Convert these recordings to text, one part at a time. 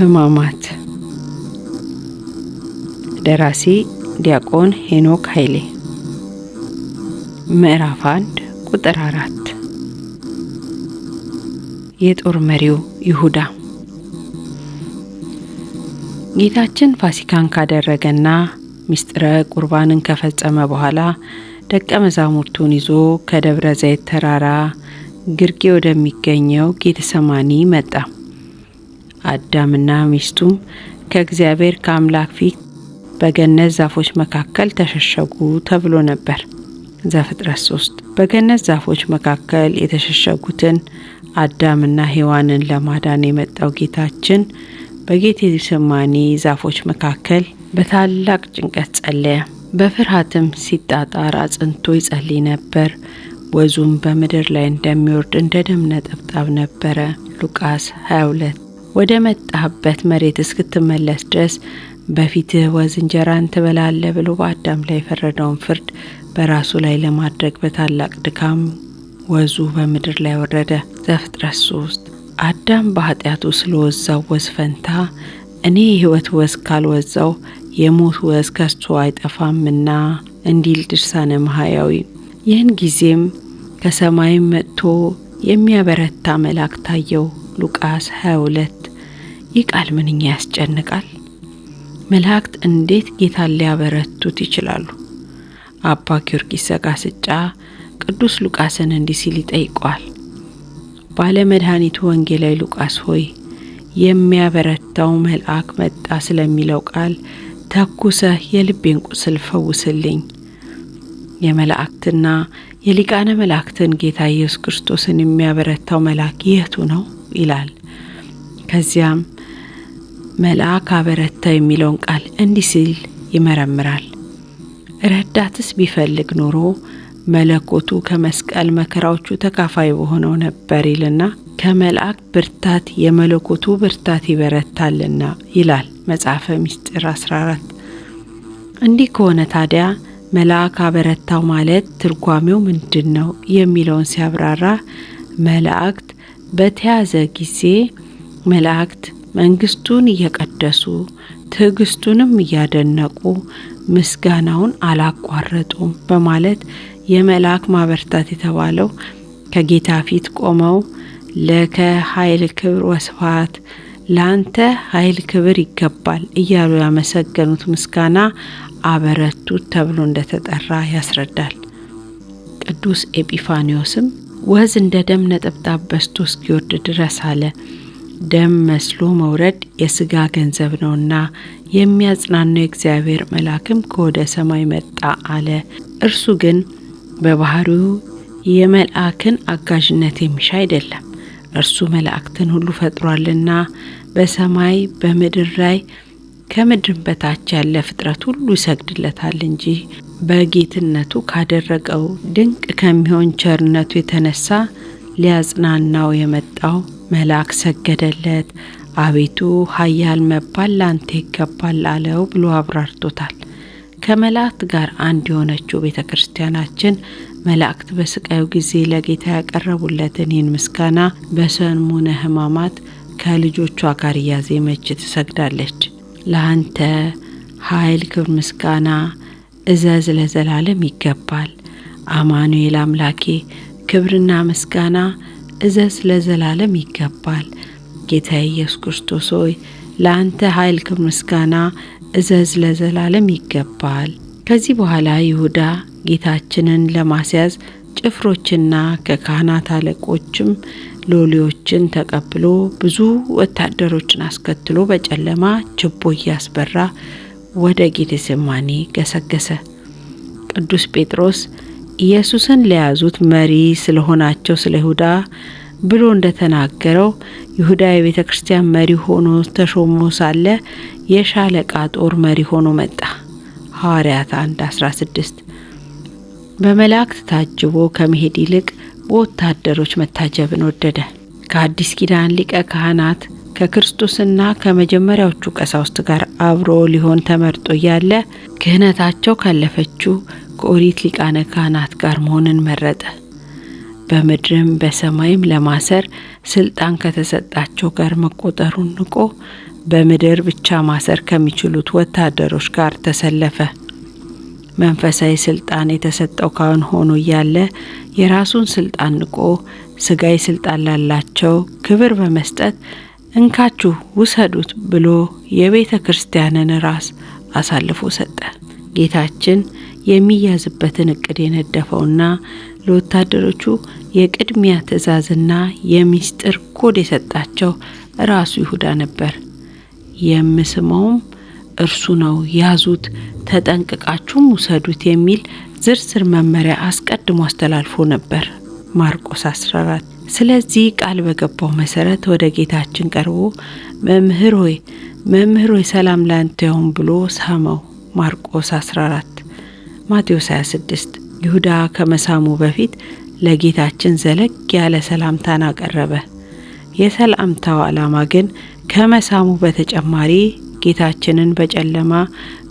ህማማት ደራሲ ዲያቆን ሄኖክ ኃይሌ ምዕራፍ አንድ ቁጥር አራት የጦር መሪው ይሁዳ ጌታችን ፋሲካን ካደረገና ምስጢረ ቁርባንን ከፈጸመ በኋላ ደቀ መዛሙርቱን ይዞ ከደብረ ዘይት ተራራ ግርጌ ወደሚገኘው ጌተሰማኒ መጣ። አዳምና ሚስቱም ከእግዚአብሔር ከአምላክ ፊት በገነት ዛፎች መካከል ተሸሸጉ ተብሎ ነበር። ዘፍጥረት ሶስት በገነት ዛፎች መካከል የተሸሸጉትን አዳምና ሔዋንን ለማዳን የመጣው ጌታችን በጌቴሴማኒ ዛፎች መካከል በታላቅ ጭንቀት ጸለየ። በፍርሃትም ሲጣጣር አጽንቶ ይጸልይ ነበር። ወዙም በምድር ላይ እንደሚወርድ እንደ ደም ነጠብጣብ ነበረ። ሉቃስ 22 ወደ መጣህበት መሬት እስክትመለስ ድረስ በፊትህ ወዝ እንጀራን ትበላለህ ብሎ በአዳም ላይ የፈረደውን ፍርድ በራሱ ላይ ለማድረግ በታላቅ ድካም ወዙ በምድር ላይ ወረደ። ዘፍጥረት ሶስት አዳም በኃጢአቱ ስለወዛው ወዝ ፈንታ እኔ የህይወት ወዝ ካልወዛው የሞት ወዝ ከሱ አይጠፋምና እንዲል ድርሳነ መሀያዊ። ይህን ጊዜም ከሰማይም መጥቶ የሚያበረታ መልአክ ታየው። ሉቃስ 22 ይህ ቃል ምንኛ ያስጨንቃል! መላእክት እንዴት ጌታን ሊያበረቱት ይችላሉ? አባ ጊዮርጊስ ዘጋስጫ ቅዱስ ሉቃስን እንዲህ ሲል ይጠይቀዋል። ባለመድኃኒቱ ወንጌላዊ ሉቃስ ሆይ የሚያበረታው መልአክ መጣ ስለሚለው ቃል ተኩሰህ የልቤን ቁስል ፈውስልኝ። የመላእክትና የሊቃነ መላእክትን ጌታ ኢየሱስ ክርስቶስን የሚያበረታው መልአክ የቱ ነው ይላል። ከዚያም መልአክ አበረታ የሚለውን ቃል እንዲህ ሲል ይመረምራል። ረዳትስ ቢፈልግ ኖሮ መለኮቱ ከመስቀል መከራዎቹ ተካፋይ በሆነው ነበር ይልና ከመልአክ ብርታት የመለኮቱ ብርታት ይበረታልና ይላል መጽሐፈ ምስጢር 14። እንዲህ ከሆነ ታዲያ መልአክ አበረታው ማለት ትርጓሜው ምንድን ነው የሚለውን ሲያብራራ መላእክት በተያዘ ጊዜ መላእክት መንግስቱን እየቀደሱ ትዕግስቱንም እያደነቁ ምስጋናውን አላቋረጡም በማለት የመልአክ ማበርታት የተባለው ከጌታ ፊት ቆመው ለከ ኃይል ክብር ወስፋት ለአንተ ኃይል ክብር ይገባል እያሉ ያመሰገኑት ምስጋና አበረቱት ተብሎ እንደተጠራ ያስረዳል። ቅዱስ ኤጲፋኒዎስም ወዝ እንደ ደም ነጠብጣብ በስቶ እስኪወርድ ድረስ አለ። ደም መስሎ መውረድ የስጋ ገንዘብ ነውና የሚያጽናናው የእግዚአብሔር መልአክም ከወደ ሰማይ መጣ አለ። እርሱ ግን በባህሪው የመልአክን አጋዥነት የሚሻ አይደለም። እርሱ መላእክትን ሁሉ ፈጥሯልና በሰማይ በምድር ላይ ከምድር በታች ያለ ፍጥረት ሁሉ ይሰግድለታል እንጂ በጌትነቱ ካደረገው ድንቅ ከሚሆን ቸርነቱ የተነሳ ሊያጽናናው የመጣው መልአክ ሰገደለት። አቤቱ ኃያል መባል ላንተ ይገባል አለው ብሎ አብራርቶታል። ከመላእክት ጋር አንድ የሆነችው ቤተ ክርስቲያናችን መላእክት በስቃዩ ጊዜ ለጌታ ያቀረቡለትን ይህን ምስጋና በሰሙነ ሕማማት ከልጆቿ ጋር እያዜመች ትሰግዳለች። ለአንተ ኃይል፣ ክብር፣ ምስጋና እዘዝ ለዘላለም ይገባል። አማኑኤል አምላኬ ክብርና ምስጋና እዘዝ ለዘላለም ይገባል። ጌታ ኢየሱስ ክርስቶስ ሆይ ለአንተ ኃይል ክብር፣ ምስጋና እዘዝ ለዘላለም ይገባል። ከዚህ በኋላ ይሁዳ ጌታችንን ለማስያዝ ጭፍሮችና ከካህናት አለቆችም ሎሌዎችን ተቀብሎ ብዙ ወታደሮችን አስከትሎ በጨለማ ችቦ እያስበራ ወደ ጌቴሴማኒ ገሰገሰ። ቅዱስ ጴጥሮስ ኢየሱስን ለያዙት መሪ ስለሆናቸው ስለ ይሁዳ ብሎ እንደተናገረው ይሁዳ የቤተ ክርስቲያን መሪ ሆኖ ተሾሞ ሳለ የሻለቃ ጦር መሪ ሆኖ መጣ። ሐዋርያት 1 16 በመላእክት ታጅቦ ከመሄድ ይልቅ በወታደሮች መታጀብን ወደደ። ከአዲስ ኪዳን ሊቀ ካህናት ከክርስቶስና ከመጀመሪያዎቹ ቀሳውስት ጋር አብሮ ሊሆን ተመርጦ እያለ ክህነታቸው ካለፈችው ከኦሪት ሊቃነ ካህናት ጋር መሆንን መረጠ። በምድርም በሰማይም ለማሰር ስልጣን ከተሰጣቸው ጋር መቆጠሩን ንቆ በምድር ብቻ ማሰር ከሚችሉት ወታደሮች ጋር ተሰለፈ። መንፈሳዊ ስልጣን የተሰጠው ካህን ሆኖ እያለ የራሱን ስልጣን ንቆ ስጋዊ ስልጣን ላላቸው ክብር በመስጠት እንካችሁ ውሰዱት ብሎ የቤተ ክርስቲያንን ራስ አሳልፎ ሰጠ። ጌታችን የሚያዝበትን እቅድ የነደፈውና ለወታደሮቹ የቅድሚያ ትእዛዝና የሚስጥር ኮድ የሰጣቸው ራሱ ይሁዳ ነበር። የምስመውም እርሱ ነው። ያዙት፣ ተጠንቅቃችሁም ውሰዱት የሚል ዝርዝር መመሪያ አስቀድሞ አስተላልፎ ነበር። ማርቆስ 14 ስለዚህ ቃል በገባው መሰረት ወደ ጌታችን ቀርቦ መምህር ሆይ መምህር ሆይ ሰላም ላንተ ይሁን ብሎ ሳመው። ማርቆስ 14 ማቴዎስ 26 ይሁዳ ከመሳሙ በፊት ለጌታችን ዘለግ ያለ ሰላምታን አቀረበ። የሰላምታው ዓላማ ግን ከመሳሙ በተጨማሪ ጌታችንን በጨለማ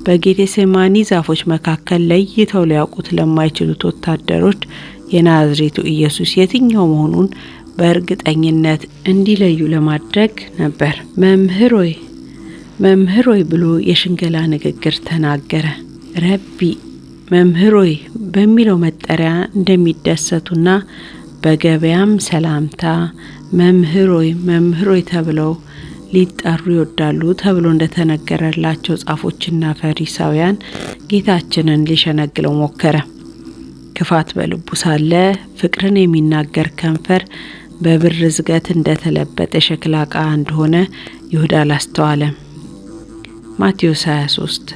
በጌቴሴማኒ ዛፎች መካከል ለይተው ሊያውቁት ለማይችሉት ወታደሮች የናዝሬቱ ኢየሱስ የትኛው መሆኑን በእርግጠኝነት እንዲለዩ ለማድረግ ነበር። መምህሮይ መምህሮይ ብሎ የሽንገላ ንግግር ተናገረ። ረቢ መምህሮይ በሚለው መጠሪያ እንደሚደሰቱና በገበያም ሰላምታ መምህሮይ መምህሮይ ተብለው ሊጠሩ ይወዳሉ ተብሎ እንደተነገረላቸው ጻፎችና ፈሪሳውያን ጌታችንን ሊሸነግለው ሞከረ። ክፋት በልቡ ሳለ ፍቅርን የሚናገር ከንፈር በብር ዝገት እንደተለበጠ የሸክላ ዕቃ እንደሆነ ይሁዳ አላስተዋለም። ማቴዎስ 23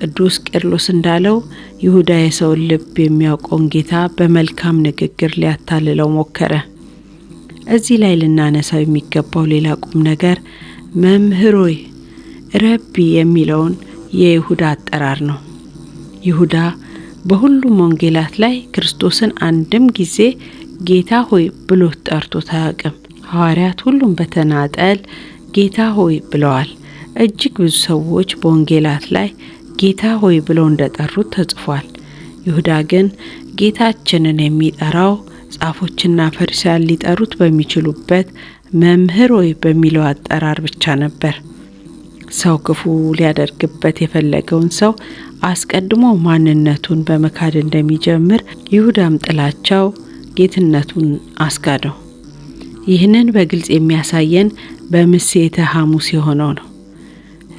ቅዱስ ቄርሎስ እንዳለው ይሁዳ የሰውን ልብ የሚያውቀውን ጌታ በመልካም ንግግር ሊያታልለው ሞከረ። እዚህ ላይ ልናነሳው የሚገባው ሌላ ቁም ነገር መምህሮይ ረቢ የሚለውን የይሁዳ አጠራር ነው። ይሁዳ በሁሉም ወንጌላት ላይ ክርስቶስን አንድም ጊዜ ጌታ ሆይ ብሎ ጠርቶ ታያቅም። ሐዋርያት ሁሉም በተናጠል ጌታ ሆይ ብለዋል። እጅግ ብዙ ሰዎች በወንጌላት ላይ ጌታ ሆይ ብለው እንደጠሩት ተጽፏል። ይሁዳ ግን ጌታችንን የሚጠራው ጻፎችና ፈሪሳያን ሊጠሩት በሚችሉበት መምህር ሆይ በሚለው አጠራር ብቻ ነበር። ሰው ክፉ ሊያደርግበት የፈለገውን ሰው አስቀድሞ ማንነቱን በመካድ እንደሚጀምር ይሁዳም ጥላቻው ጌትነቱን አስጋደው። ይህንን በግልጽ የሚያሳየን በምሴተ ሐሙስ የሆነው ነው።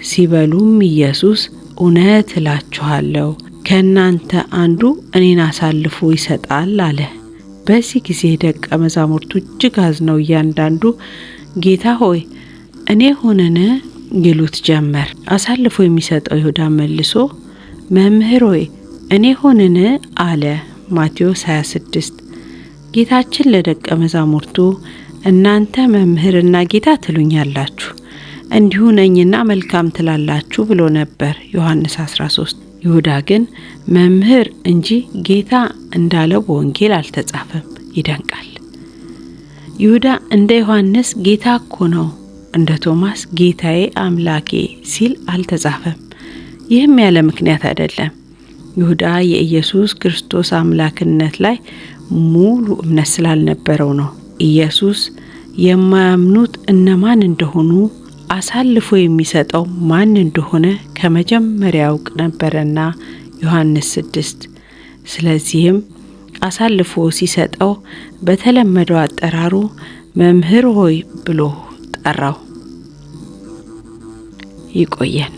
ሲበሉም ኢየሱስ እውነት እላችኋለሁ ከእናንተ አንዱ እኔን አሳልፎ ይሰጣል አለ። በዚህ ጊዜ ደቀ መዛሙርቱ እጅግ አዝነው እያንዳንዱ ጌታ ሆይ እኔ ሆንን ይሉት ጀመር። አሳልፎ የሚሰጠው ይሁዳ መልሶ መምህር ሆይ እኔ ሆንን አለ ማቴዎስ 26 ጌታችን ለደቀ መዛሙርቱ እናንተ መምህርና ጌታ ትሉኛላችሁ እንዲሁ ነኝና መልካም ትላላችሁ ብሎ ነበር ዮሐንስ 13። ይሁዳ ግን መምህር እንጂ ጌታ እንዳለው በወንጌል አልተጻፈም። ይደንቃል። ይሁዳ እንደ ዮሐንስ ጌታ እኮ ነው፣ እንደ ቶማስ ጌታዬ አምላኬ ሲል አልተጻፈም። ይህም ያለ ምክንያት አይደለም። ይሁዳ የኢየሱስ ክርስቶስ አምላክነት ላይ ሙሉ እምነት ስላልነበረው ነው። ኢየሱስ የማያምኑት እነማን እንደሆኑ አሳልፎ የሚሰጠው ማን እንደሆነ ከመጀመሪያ ያውቅ ነበረና ዮሐንስ ስድስት ስለዚህም አሳልፎ ሲሰጠው በተለመደው አጠራሩ መምህር ሆይ ብሎ ጠራው። ይቆየን።